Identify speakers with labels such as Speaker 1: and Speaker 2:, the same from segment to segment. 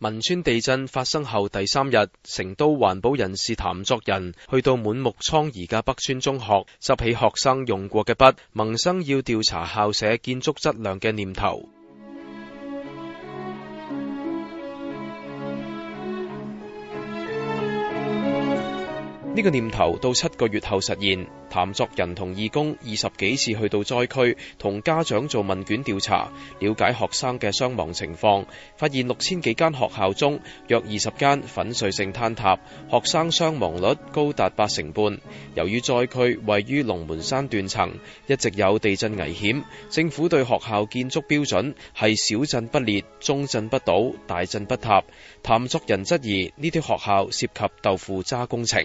Speaker 1: 汶川地震發生後第三日，成都環保人士譚作人去到滿目瘡痍嘅北川中學，執起學生用過嘅筆，萌生要調查校舍建築質量嘅念頭。呢、這個念頭到七個月後實現。譚作人同義工二十幾次去到災區，同家長做問卷調查，了解學生嘅傷亡情況。發現六千幾間學校中，約二十間粉碎性坍塌，學生傷亡率高達八成半。由於災區位於龍門山斷層，一直有地震危險。政府對學校建築標準係小震不裂，中震不倒，大震不塌。譚作人質疑呢啲學校涉及豆腐渣工程。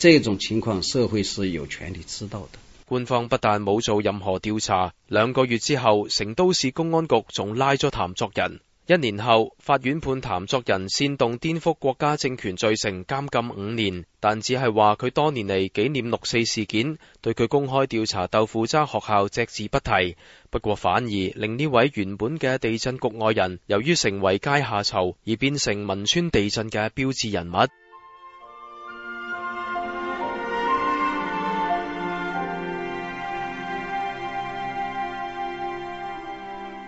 Speaker 2: 這種情況社會是有權利知道的。
Speaker 1: 官方不但冇做任何調查，兩個月之後，成都市公安局仲拉咗譚作人。一年後，法院判譚作人煽動顛覆國家政權罪成，監禁五年。但只係話佢多年嚟紀念六四事件，對佢公開調查豆腐渣學校隻字不提。不過反而令呢位原本嘅地震局外人，由於成為階下囚而變成汶川地震嘅標誌人物。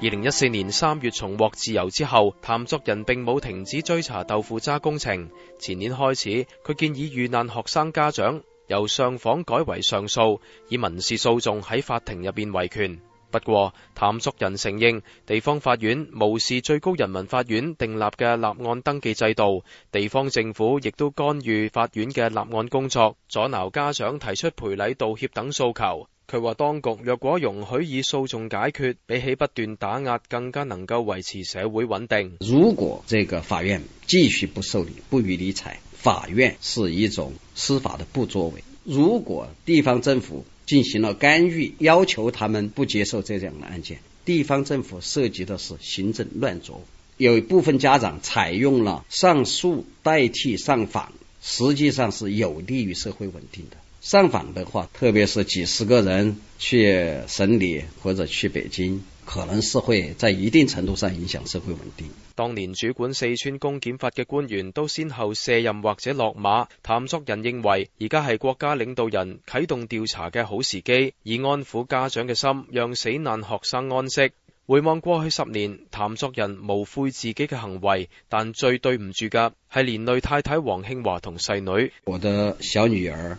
Speaker 1: 二零一四年三月重獲自由之後，譚作人並冇停止追查豆腐渣工程。前年開始，佢建議遇難學生家長由上訪改為上訴，以民事訴訟喺法庭入邊維權。不過，譚作人承認，地方法院無視最高人民法院訂立嘅立案登記制度，地方政府亦都干預法院嘅立案工作，阻撓家長提出賠禮道歉等訴求。佢話：當局若果容許以訴訟解決，比起不斷打壓更加能夠維持社會穩定。
Speaker 2: 如果這個法院繼續不受理、不予理睬，法院是一種司法的不作為。如果地方政府進行了干預，要求他們不接受這樣的案件，地方政府涉及的是行政亂作。有一部分家長採用了上訴代替上訪，實際上是有利於社會穩定的。上訪的話，特別是幾十個人去省裏或者去北京，可能是會在一定程度上影響社會穩
Speaker 1: 定。當年主管四川公檢法嘅官員都先後卸任或者落馬，譚作人認為而家係國家領導人啟動調查嘅好時機，以安撫家長嘅心，讓死難學生安息。回望過去十年，譚作人無悔自己嘅行為，但最對唔住噶，係連累太太王慶華同細女。
Speaker 2: 我的小女兒。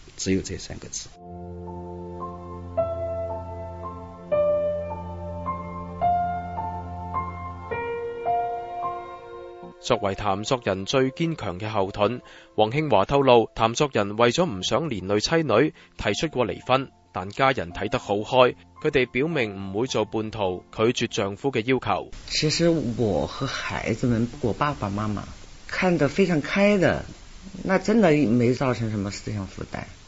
Speaker 2: 只有這
Speaker 1: 三個字。作為譚作人最堅強嘅後盾，黃慶華透露，譚作人為咗唔想連累妻女，提出過離婚，但家人睇得好開，佢哋表明唔會做叛徒，拒絕丈夫嘅要求。
Speaker 3: 其實我和孩子們，我爸爸媽媽，看得非常開的，那真的沒造成什麼思想負擔。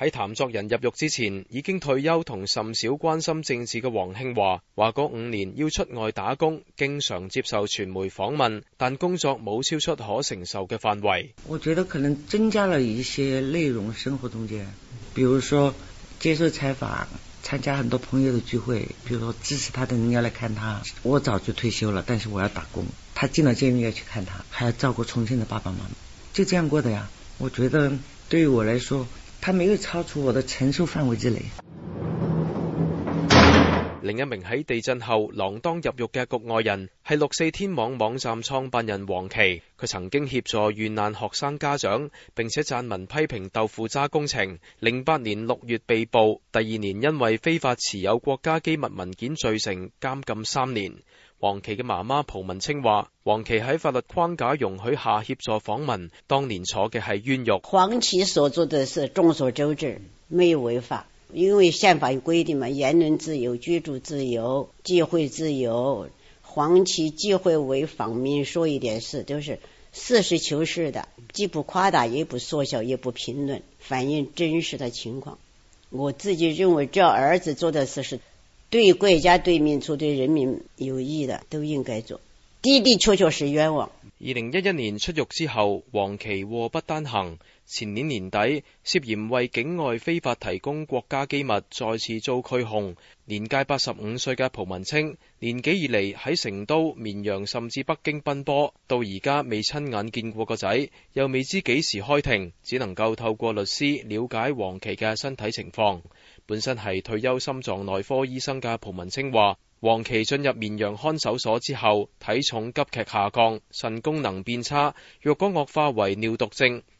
Speaker 1: 喺譚作人入獄之前，已經退休同甚少關心政治嘅王慶華話過五年要出外打工，經常接受傳媒訪問，但工作冇超出可承受嘅範圍。
Speaker 3: 我覺得可能增加了一些內容，生活中間，比如說接受採訪、參加很多朋友的聚會，比如說支持他的人要來看他。我早就退休了，但是我要打工。他進了監獄要去看他，還要照顧重慶的爸爸媽媽，就這樣過的呀。我覺得對於我來說。他沒有超出我的承受範圍之內。
Speaker 1: 另一名喺地震後鋃鐺入獄嘅局外人，係六四天網網站創辦人黃琦，佢曾經協助遇難學生家長，並且撰文批評豆腐渣工程。零八年六月被捕，第二年因為非法持有國家機密文件罪成，監禁三年。黃琦嘅媽媽蒲文清話：黃琦喺法律框架容許下協助訪問，當年坐嘅係冤獄。
Speaker 3: 黃琦所做嘅事眾所周知，沒有違法，因為憲法有規定嘛，言論自由、居住自由、聚會自由。黃琦聚會為訪民說一點事，都是實事求是的，既不誇大，也不縮小，也不評論，反映真實的情況。我自己認為，這兒子做的事是。對國家、對民族、對人民有益的都應該做，的的確確是冤枉。
Speaker 1: 二零一一年出獄之後，黃琦禍不單行。前年年底涉嫌為境外非法提供國家機密，再次遭拘控。年屆八十五歲嘅蒲文清，年紀以嚟喺成都、綿陽甚至北京奔波，到而家未親眼見過個仔，又未知幾時開庭，只能夠透過律師了解黃琦嘅身體情況。本身係退休心臟內科醫生嘅蒲文清話，黃琦進入綿陽看守所之後，體重急劇下降，腎功能變差，若果惡化為尿毒症，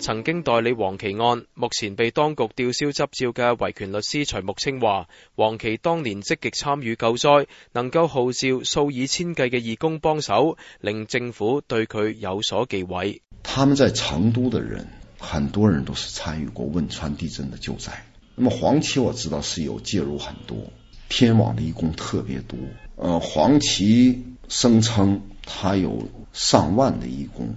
Speaker 1: 曾經代理黃琦案，目前被當局吊銷執照嘅維權律師徐木清話：黃琦當年積極參與救災，能夠號召數以千計嘅義工幫手，令政府對佢有所忌諱。他
Speaker 2: 們在成都的人，很多人都是參與過汶川地震的救災。那麼黃琦我知道是有介入很多，天網的義工特別多。呃，黃琦聲稱他有上萬的義工。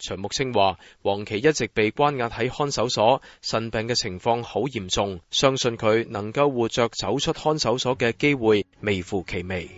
Speaker 1: 徐木清話：黃琦一直被關押喺看守所，腎病嘅情況好嚴重，相信佢能夠活着走出看守所嘅機會微乎其微。